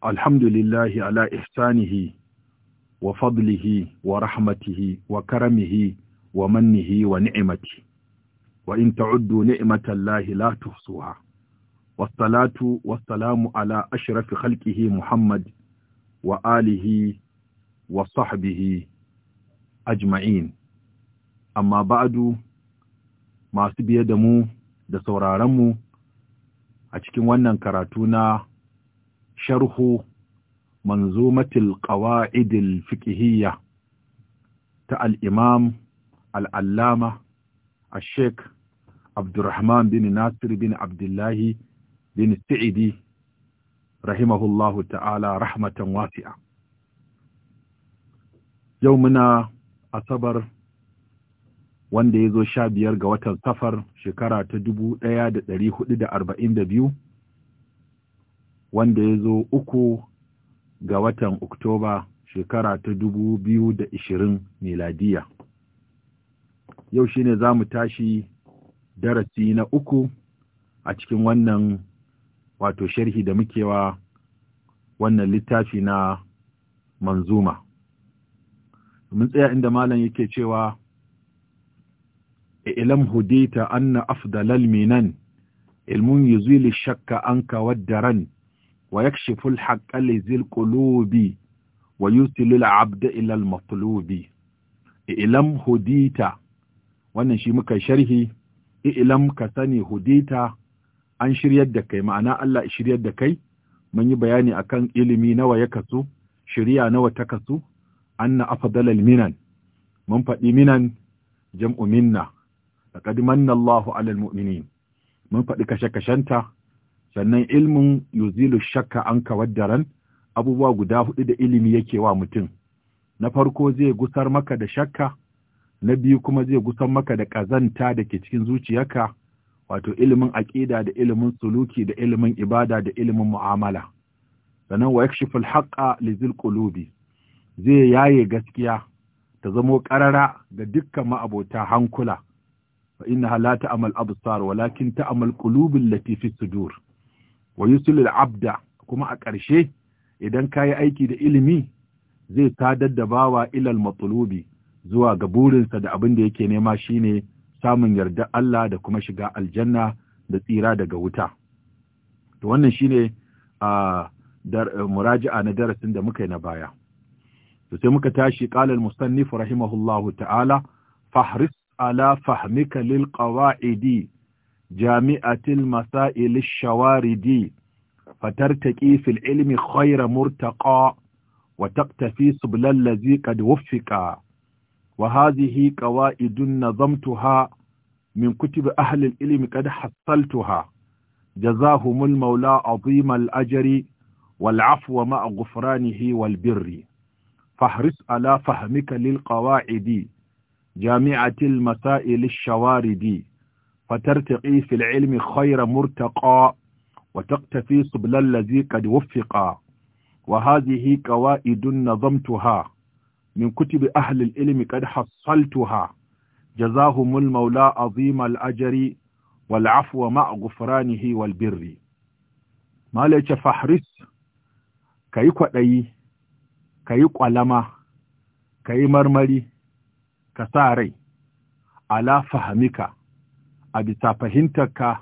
alhamdulillahi ala ihsanihi wa fadlihi wa rahmatihi wa karamihi wa mannihi wa ni'imati wa in ta'uddu ni'matallahi la tuhsuha wassalatu wassalamu ala ashrafi khalqihi Muhammad wa alihi wa sahbihi ajma'in amma ba'du masu biye da mu da sauraron mu a cikin wannan karatu na sharhu manzumatil qawa'idil fiqhiyya ta al-imam al-allama al-sheikh Abdurrahman bin Nasir bin Abdullahi bin Sa'idi rahimahullahu ta'ala rahmatan wasi'a yau muna asabar wanda ya zo sha biyar ga watan safar shekara ta dubu ɗaya da ɗari hudu da arba'in da biyu wanda ya zo uku ga watan Oktoba shekara ta dubu biyu da ishirin miladiya. Yau shi ne za mu tashi darasi na uku a cikin wannan wato sharhi da muke mukewa wannan littafi na manzuma. Mun tsaya inda malam yake cewa, ilam hudita anna afdalal minan ilmun yuzili shakka anka waddaran wa yakshiful haqqa lizil qulubi wa yusilul abda ila al matlubi ilam hudita wannan shi muka sharhi ilam ka sani hudita an shiryar da kai ma'ana Allah shirya da kai mun yi bayani akan ilimi nawa ya kasu shiriya nawa ta kasu anna afdalal minan mun faɗi minan jam'uminna. minna laqad manna Allahu 'alal mu'minin mun faɗi kashe-kashenta sannan ilmin yuzilu shakka an kawar ran abubuwa guda hudu da ilimi yake wa mutum na farko zai gusar maka da shakka na biyu kuma zai gusar maka da ƙazanta da ke cikin zuciyarka wato ilimin aƙida da ilimin suluki da ilimin ibada da ilimin mu'amala sannan wa yakshiful haqqa lizil qulubi zai yaye gaskiya ta zamo ƙarara ga dukkan ma'abota hankula fa innaha la ta'mal absar walakin ta'mal qulubul lati fi sudur wa yusilil abda kuma a ƙarshe idan ka yi aiki da ilimi zai sadar da bawa ilal matsulubi zuwa ga burinsa da abin da yake nema shine samun yarda Allah da kuma shiga aljanna da tsira daga wuta. To wannan shine a muraji'a na darasin da muka yi na baya. To sai muka tashi ƙalar musannif rahimahullahu ta'ala fahris ala fahmika lil qawa'idi جامعة المسائل الشواردي فترتقي في العلم خير مرتقى وتقتفي سبل الذي قد وفق وهذه قوائد نظمتها من كتب أهل العلم قد حصلتها جزاهم المولى عظيم الأجر والعفو مع غفرانه والبر فاحرص على فهمك للقواعد جامعة المسائل الشواردي فترتقي في العلم خير مرتقى وتقتفي سبل الذي قد وفقا وهذه قوائد نظمتها من كتب أهل العلم قد حصلتها جزاهم المولى عظيم الأجر والعفو مع غفرانه والبر ما ليش فحرس كي أي كي لما كي مرمري كساري على فهمك a bisa fahimtarka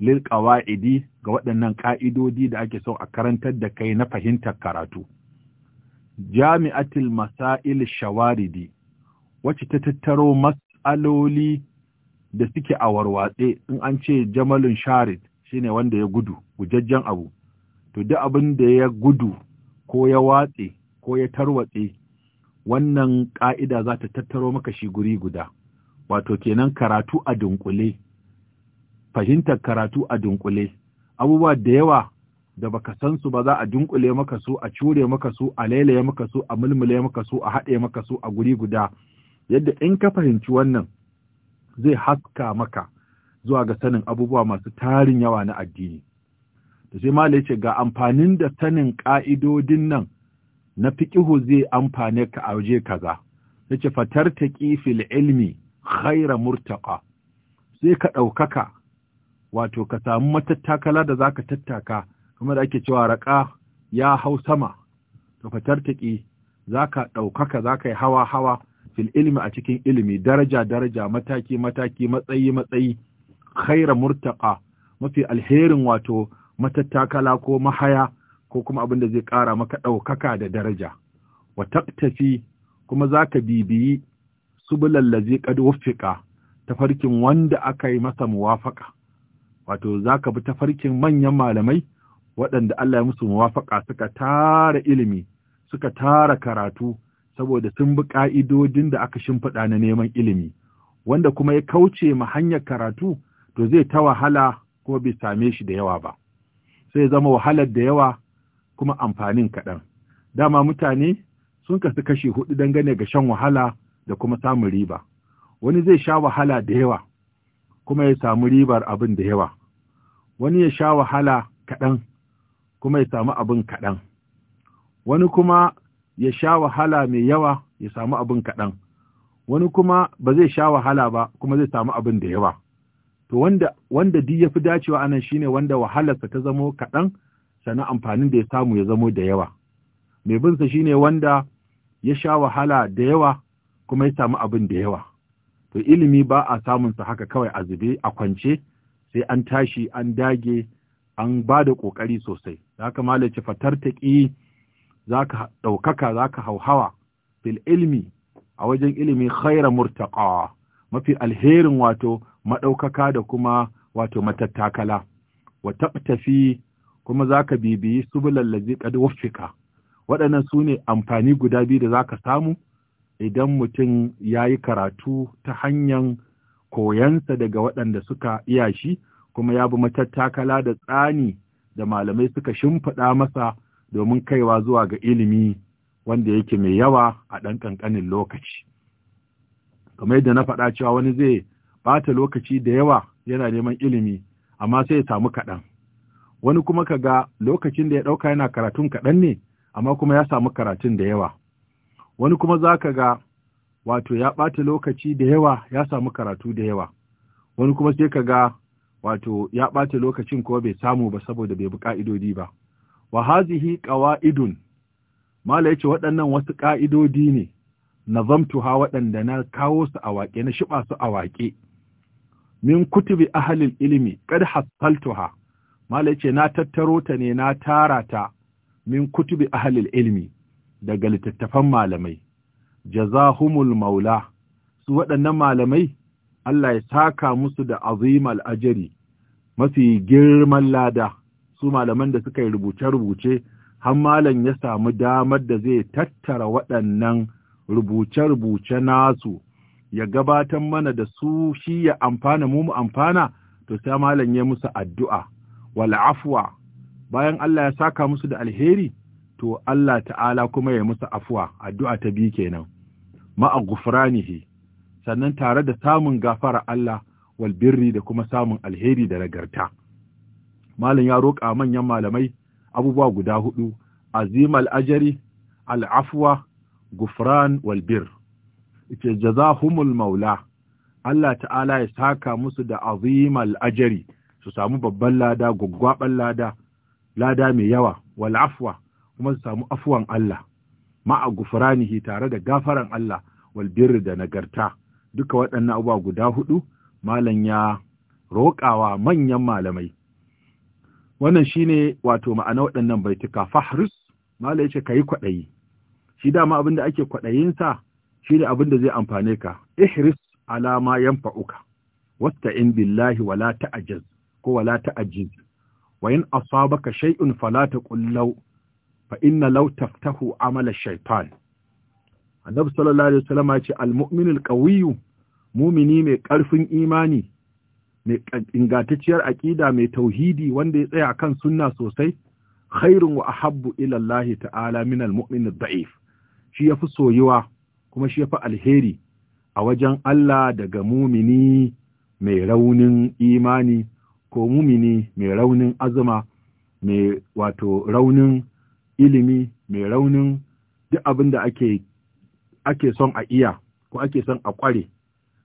lil qawa'idi ga waɗannan ƙa'idodi da ake so a karantar da kai na fahimtar karatu jami'atul masail shawaridi wacce ta tattaro mas'aloli da suke a warwatse in an ce jamalun sharid shine wanda ya gudu gujajjen abu to duk abin da ya gudu ko ya watse ko ya tarwatse wannan ƙa'ida za ta tattaro maka shi guri guda wato kenan karatu a dunkule fahimtar karatu a dunkule abubuwa da yawa da baka san su ba za a dunkule maka su a cure maka su a lailaye maka su a mulmule maka su a haɗe maka su a guri guda yadda in ka fahimci wannan zai haska maka zuwa ga sanin abubuwa masu tarin yawa na addini da sai mala ce ga amfanin da sanin ƙa'idodin nan na fiƙihu zai amfane ka a waje kaza ya ce fatar ta ƙifil ilmi khaira murtaƙa sai ka ɗaukaka wato ka samu matattakala da zaka tattaka kamar da ake cewa raka ya hau sama ka fatartaki zaka ɗaukaka zaka yi hawa hawa fil ilmi a cikin ilimi daraja daraja mataki mataki matsayi matsayi khaira murtaqa mafi alherin wato matattakala ko mahaya ko kuma abin da zai ƙara maka ɗaukaka da daraja wa taktafi kuma zaka bibiyi subulal ladzi qad ta tafarkin wanda aka yi masa muwafaƙa wato za ka bi tafarkin manyan malamai waɗanda Allah ya musu muwafaka suka tara ilimi suka tara karatu saboda sun bi ƙa'idodin da aka shimfiɗa na neman ilimi wanda kuma ya kauce ma hanyar karatu to zai ta wahala ko bai same shi da yawa ba sai zama wahalar da yawa kuma amfanin kaɗan dama mutane sun kasu kashi hudu dangane ga shan wahala da kuma samun riba wani zai sha wahala da yawa kuma ya samu ribar abin da yawa wani ya sha wahala kaɗan kuma ya samu abin kaɗan wani kuma ya sha wahala mai yawa ya samu abin kaɗan wani kuma ba zai sha wahala ba kuma zai samu abin da yawa to wanda wanda ya fi dacewa anan shine wanda wahalarsa ta zamo kaɗan sannan amfanin da ya samu ya zamo da yawa mai binsa shine wanda ya sha wahala da yawa kuma ya samu abin da yawa to ilimi ba a samun samunsa haka kawai a zube a kwance sai an tashi an dage an ba da ƙoƙari sosai za ka malace fatar za ka ɗaukaka za ka hauhawa fil ilmi a wajen ilimi khaira murtaƙawa mafi alherin wato maɗaukaka da kuma wato matattakala wa tafi kuma za ka bibiyi subulal lazi qad waffika waɗannan su ne amfani guda biyu da za ka samu idan mutum ya yi karatu ta hanyar koyansa daga waɗanda suka iya shi kuma ya bi matattakala da tsani da malamai suka shimfiɗa masa domin kaiwa zuwa ga ilimi wanda yake mai yawa a ɗan ƙanƙanin lokaci. Kamar yadda na faɗa cewa wani zai ɓata lokaci da yawa yana neman ilimi, amma sai ya samu kaɗan. Wani kuma ka ga lokacin da ya ɗauka yana karatun kaɗan ne, amma kuma ya samu karatun da yawa. wani kuma za ka ga wato ya ɓata lokaci da yawa ya samu karatu da yawa wani kuma sai ka ga wato ya ɓata lokacin kuma bai samu ba saboda bai bi ƙa'idodi ba wa hazihi ƙawa'idun mala ce waɗannan wasu ƙa'idodi ne na nazamtuha waɗanda na kawo su a waƙe na shiɓa su a waƙe min kutubi ahalil ilimi kad ha mala ce na tattaro ta ne na tara ta min kutubi ahalil ilimi daga littattafan malamai jazahumul maula su waɗannan malamai Allah ya saka musu da azim al'ajari mafi girman lada su malaman da suka yi rubuce-rubuce har malam ya samu damar da zai tattara waɗannan rubuce-rubuce nasu ya gabatar mana da su shi ya amfana mu mu amfana to sai malam ya musu addu'a wal afwa bayan Allah ya saka musu da alheri to Allah ta'ala kuma ya musu afuwa addu'a ta bi kenan ma'a gufranihi sannan tare da samun gafara Allah wal birri da kuma samun alheri da nagarta malam ya roƙa manyan malamai abubuwa guda hudu azimal ajari al'afwa gufran wal birr ce jazahumul maula Allah ta'ala ya saka musu da azimal ajari su samu babban lada gwaggwaban lada lada mai yawa wal afwa kuma su samu afuwan Allah ma'a gufuranihi tare da gafaran Allah wal da nagarta duka waɗannan abubuwa guda hudu malam ya roƙawa manyan malamai wannan shine wato ma'ana waɗannan baituka fahrus malam yace kai kwaɗayi shi dama abin da ake kwaɗayin sa shine abin da zai amfane ka ihris ala ma yanfa'uka wasta'in billahi wala ta'ajaz ko wala ta'ajiz wa in asabaka shay'un fala taqul law fa inna law taftahu amala shaytan annabi sallallahu alaihi wasallam ya ce almu'minul qawiyyu mumini mai karfin imani mai ingantacciyar aƙida mai tauhidi wanda ya tsaya kan sunna sosai khairun wa ahabbu ila Allah ta'ala min almu'min daif shi yafi soyuwa kuma shi yafi alheri a wajen Allah daga mumini mai raunin imani ko mumini mai raunin azuma mai wato raunin ilimi mai raunin duk abin da ake ake son a iya ko ake son a kware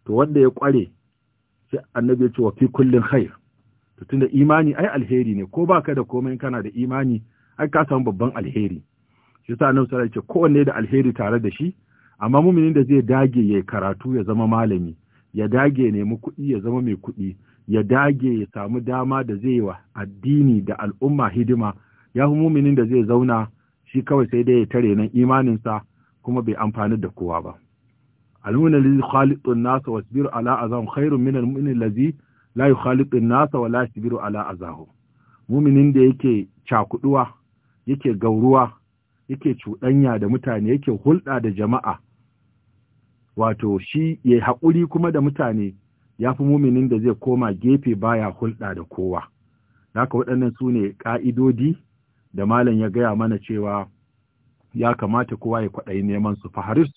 to wanda ya kware sai annabi ya ce wa fi kullin khair to tunda imani ai alheri ne ko baka da komai kana da imani ai ka samu babban alheri shi yasa annabi sallallahu alaihi kowanne da alheri tare da shi amma muminin da zai dage yayi karatu ya zama malami ya dage nemi kuɗi ya zama mai kuɗi ya dage ya samu dama da zai yi wa addini da al'umma hidima ya fi muminin da zai zauna shi kawai sai dai ya tare nan imaninsa kuma bai amfani da kowa ba almu'minu allazi khaliqu nasa nasa wasbiru ala azahu khairun min al-mu'min layu la nasa wa la ala azahu. mu'minin da yake cakuduwa yake gauruwa yake cuɗanya da mutane yake hulɗa da jama'a wato shi ya haƙuri kuma da mutane ya fi muminin da zai koma gefe baya hulɗa da kowa Naka waɗannan su ne ƙa'idodi da malam ya gaya mana cewa ya kamata kowa ya kwaɗayi neman su faharis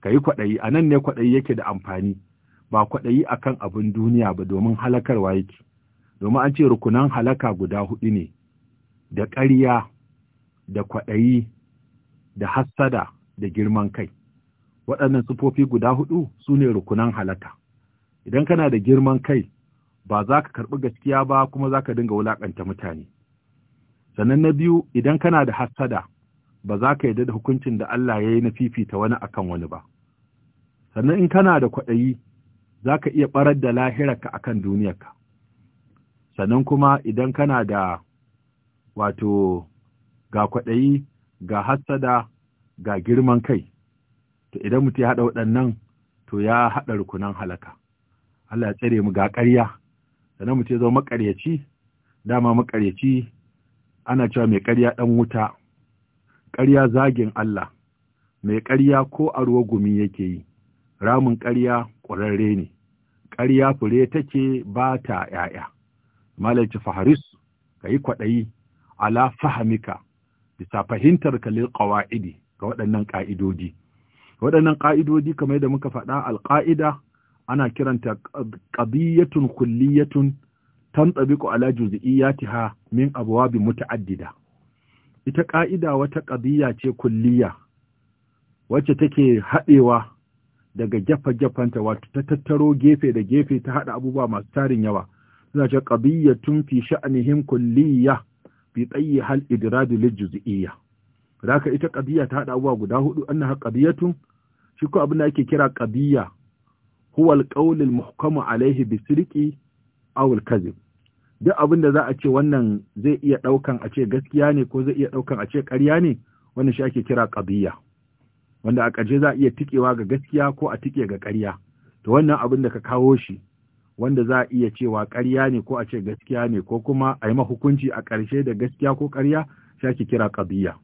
ka yi kwaɗayi a nan ne kwaɗayi yake da amfani ba kwaɗayi a kan abin duniya ba domin halakarwa yake domin an ce rukunan halaka guda huɗu ne da ƙarya da kwaɗayi da hassada da girman kai waɗannan sufofi guda huɗu su ne rukunan halaka idan kana da girman kai ba za ka karɓi gaskiya ba kuma za ka dinga wulaƙanta mutane sannan na biyu idan kana da hassada ba za ka yarda da hukuncin da Allah ya yi na fifita wani akan wani ba sannan in kana da kwaɗayi za ka iya ɓarar da lahirarka akan duniyarka sannan kuma idan kana da wato ga kwaɗayi ga hassada ga girman kai to idan mutum ya haɗa waɗannan to ya haɗa rukunan halaka Allah ya tsare mu ga ƙarya sannan mutum ya zama makaryaci dama maƙaryaci ana cewa mai ƙarya ɗan wuta ƙarya zagin Allah mai ƙarya ko a ruwa gumi yake yi ramin ƙarya ƙwararre ne ƙarya fure take ba ta ‘ya'ya malaci faharis ka yi kwaɗayi ala fahamika bisa fahimtar kalil ƙawa'idi ga waɗannan ƙa'idodi waɗannan ƙa'idodi kamar da muka faɗa alƙa'ida ana kiranta ƙabiyyatun kulliyatun tantabiqu ala juz'iyatiha min abwab muta'addida ita ƙa'ida wata ƙadiyya ce kulliya wacce take haɗewa daga jafa-jafanta wato ta tattaro gefe da gefe ta haɗa abubuwa masu tarin yawa suna ce ƙadiyyatun fi sha'nihim kulliya fi tsayi hal idradu li juz'iyya Raka ita ƙabiya ta haɗa abubuwa guda hudu annaha ƙadiyyatun shi ko abin da ake kira ƙadiyya huwa al-qawl al-muhkamu alayhi bi sirqi aw al-kadhib duk abin da za a ce wannan zai iya ɗaukan a ce gaskiya ne ko zai iya ɗaukan a ce ƙarya ne wannan shi ake kira ƙabiya, wanda a ƙarshe za a iya tikewa ga gaskiya ko a tike ga ƙarya to wannan abin da ka kawo shi wanda za a iya cewa ƙarya ne ko a ce gaskiya ne ko kuma a yi mahukunci a ƙarshe da gaskiya ko ƙarya shi ake kira ƙabiya.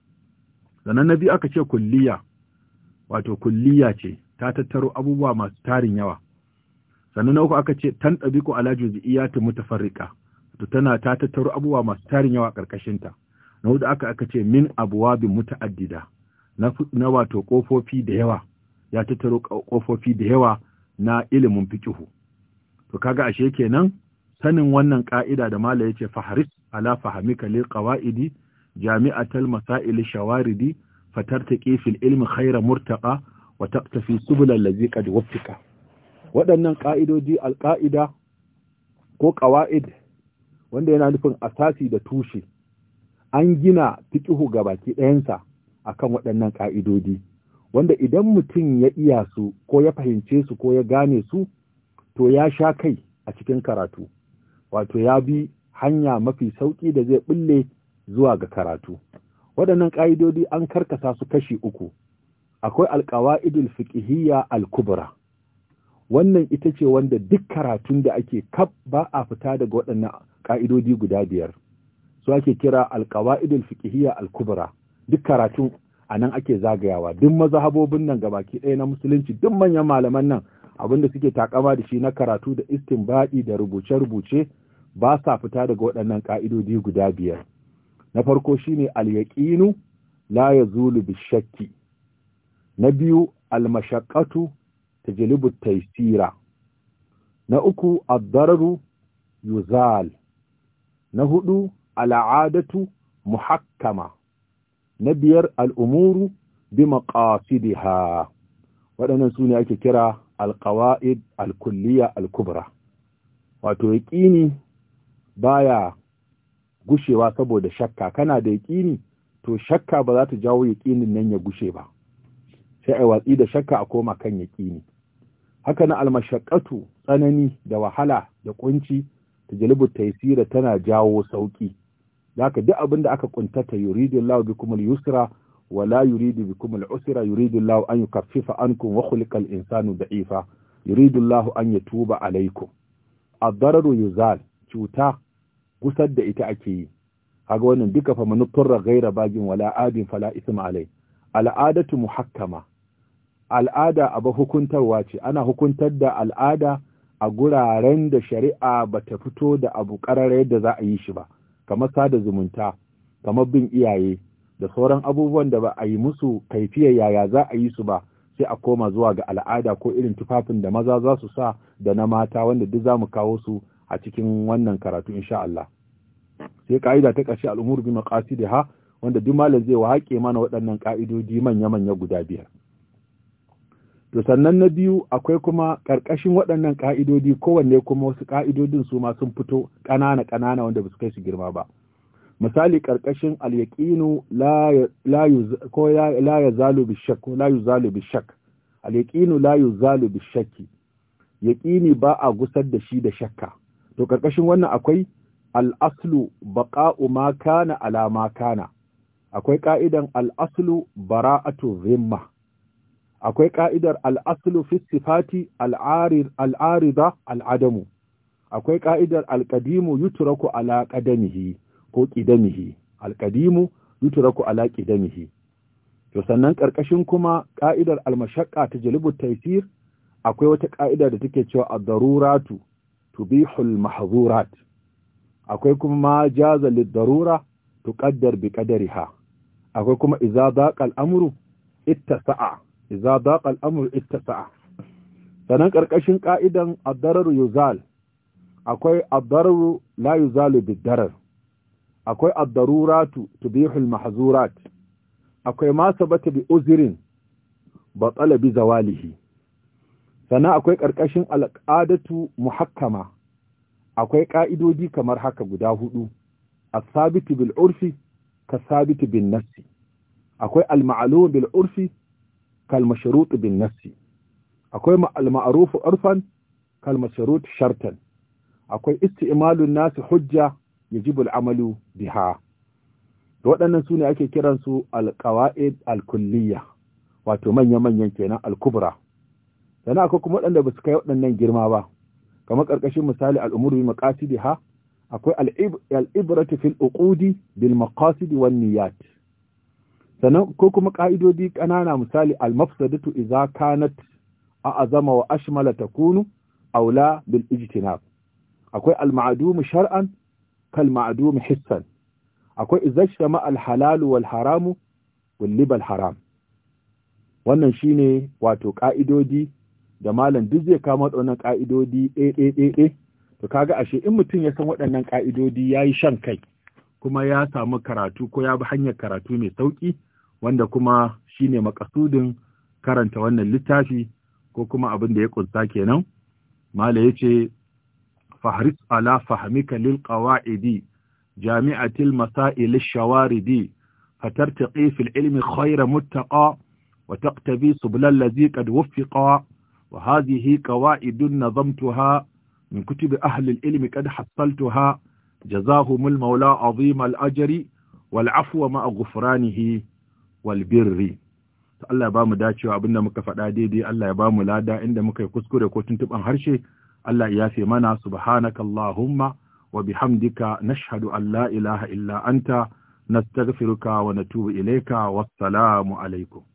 sannan na biyu aka ce kulliya wato kulliya ce ta tattaro abubuwa masu tarin yawa sannan na uku aka ce tan alajuzi iya ta mutafarrika to tana ta tattaro abubuwa masu tarin yawa ƙarƙashin ta na hudu aka aka ce min abwabin muta'addida na na wato kofofi da yawa ya tattaro ƙofofi da yawa na ilimin fiqihu to kaga ashe kenan sanin wannan ƙa'ida da mala yace faharis ala fahamika lil qawaidi jami'atal masail shawaridi fatartaqi fil ilmi khayra murtaqa wa taqtafi subul allazi qad waffika waɗannan ƙa'idodi, alƙa'ida, ko ƙawa'id. wanda yana nufin asasi da tushe an gina fiƙihu ga baki ɗayansa a kan waɗannan ƙa'idodi wanda idan mutum ya iya su ko ya fahimce su ko ya gane su to ya sha kai a cikin karatu wato ya bi hanya mafi sauƙi da zai ɓulle zuwa ga karatu waɗannan ƙa'idodi an karkasa su kashi uku akwai alƙawa'idul fiqhiyya al-kubra wannan ita ce wanda duk karatun da ake kaf ba a fita daga waɗannan ƙa'idodi guda biyar su ake kira alƙawa'idul fiqhiyya al-kubra duk karatun a nan ake zagayawa duk mazahabobin nan gabaki ɗaya na musulunci duk manyan malaman nan Abin da suke takama da shi na karatu da istinbadi da rubuce-rubuce ba sa fita daga waɗannan ƙa'idodi guda biyar na farko shine al yaƙinu, la yazulu bishakki na biyu al-mashaqqatu tajlibu taysira na uku ad-dararu yuzal na hudu al'adatu muhakkama na biyar al'umuru bi maqasidiha waɗannan su ake kira alƙawa'id alkulliya alkubra wato yaƙini baya gushewa saboda shakka kana da yaƙini to shakka ba za ta jawo yaƙinin nan ya gushe ba sai a watsi da shakka a koma kan yaƙini haka na almashaqqatu tsanani da wahala da kunci tajlibu taysira tana jawo sauƙi. zaka duk abin da aka ƙuntata, yuridu Allahu bikum al-yusra wala la yuridu bikum al-usra yuridu Allahu an yukaffifa ankum wa khuliqa al-insanu da'ifa yuridu Allahu an alaiku. alaykum ad-dararu cuta gusar da ita ake yi Haga wannan duka fa manufar ghaira bagin wala adin fala isma alai al'adatu muhakkama al'ada abu hukuntarwa ce ana hukuntar da al'ada a guraren da shari'a ba ta fito da abu ƙararra yadda za a yi shi ba kamar sada zumunta kamar bin iyaye da sauran abubuwan da ba a yi musu kaifiyar yaya za a yi su ba sai a koma zuwa ga al'ada ko irin tufafin da maza za su sa da na mata wanda duk za mu kawo su a cikin wannan karatu insha Allah sai ka'ida ta ƙarshe al'umur bi Ha wanda duk malam zai wa mana waɗannan ƙa'idodi manya-manya guda biyar to sannan na biyu akwai kuma ƙarƙashin waɗannan ƙa'idodi kowanne kuma wasu ƙa'idodin su ma sun fito ƙanana ƙanana wanda ba su kai su girma ba misali ƙarƙashin alyaƙinu la ya zalu bishak ko la zalu bishak alyaƙinu la zalu bishakki yaƙini ba a gusar da shi da shakka to ƙarƙashin wannan akwai al'aslu baƙa'u ma kana alama kana akwai ƙa'idan al'aslu bara'atu zimma akwai ka'idar al'aslu fi sifati al'arida al'adamu akwai ka'idar alƙadimu yutraku ala ko ƙidamihi alƙadimu yutraku ala to sannan ƙarƙashin kuma ka'idar ta jalibu taifir, akwai wata ka'ida da take cewa a daruratu tubihul mahzurat akwai kuma ma jaza lid-darura tuqaddar bi qadariha akwai kuma idza daqa al-amru ittasa'a idza daqa al-amru sanan karkashin ka'idan ad yuzal akwai ad-dararu la yuzalu bid-darar akwai ad-daruratu tubihu al-mahzurat akwai ma sabata bi uzrin batala bi zawalihi sanan akwai karkashin al-qadatu muhakkama akwai ƙa'idodi kamar haka guda hudu as-sabitu bil-urfi ka sabitu bin nafsi akwai al-ma'lum bil-urfi kalmasharut bin nassi akwai al-ma'rufu urfan kalmasharut shartan akwai isti'malun nasi hujja yajibu al-amalu biha waɗannan su ne ake kiransu al-qawaid wato manya-manyan kenan alkubra kubra sannan akwai kuma waɗanda ba su kai waɗannan girma ba kamar ƙarƙashin misali al'umuru bi ha akwai al fil uqudi bil makasidi wan niyyat sannan ko kuma ƙa'idodi ƙanana misali almafsadatu izakanat kanat a azama wa ashmala takunu aula bil ijtinab akwai alma'adumu shar'an kal ma'adumu hissan akwai al alhalalu wal haramu wal haram wannan shine wato ƙa'idodi da malam duk zai kama waɗannan ƙa'idodi ɗaiɗaiɗaiɗai eh, eh, eh, to kaga ashe in mutum ya san waɗannan ƙa'idodi ya yi shan kai kuma ya samu karatu ko ya bi hanyar karatu mai sauƙi wanda kuma shine makasudin karanta wannan littafi ko kuma abin da ya kunsa kenan mala yace fahris ala fahmika lil qawaidi jami'atil masail shawaridi fatartaqi fil ilmi khayra muttaqa wa taqtabi subla allazi qad wuffiqa wa hadhihi qawaidun nazamtuha min kutubi ahli al ilmi qad hassaltuha jazahumul maula azim al-ajri wal afwa ma wal birri to Allah ya ba mu dacewa abinda muka faɗa daidai Allah ya ba mu lada inda muka yi kuskure ko tuntuban harshe Allah ya fi mana subhanakallahumma wa bihamdika nashhadu an la ilaha illa anta nastaghfiruka wa natubu ilayka wassalamu alaikum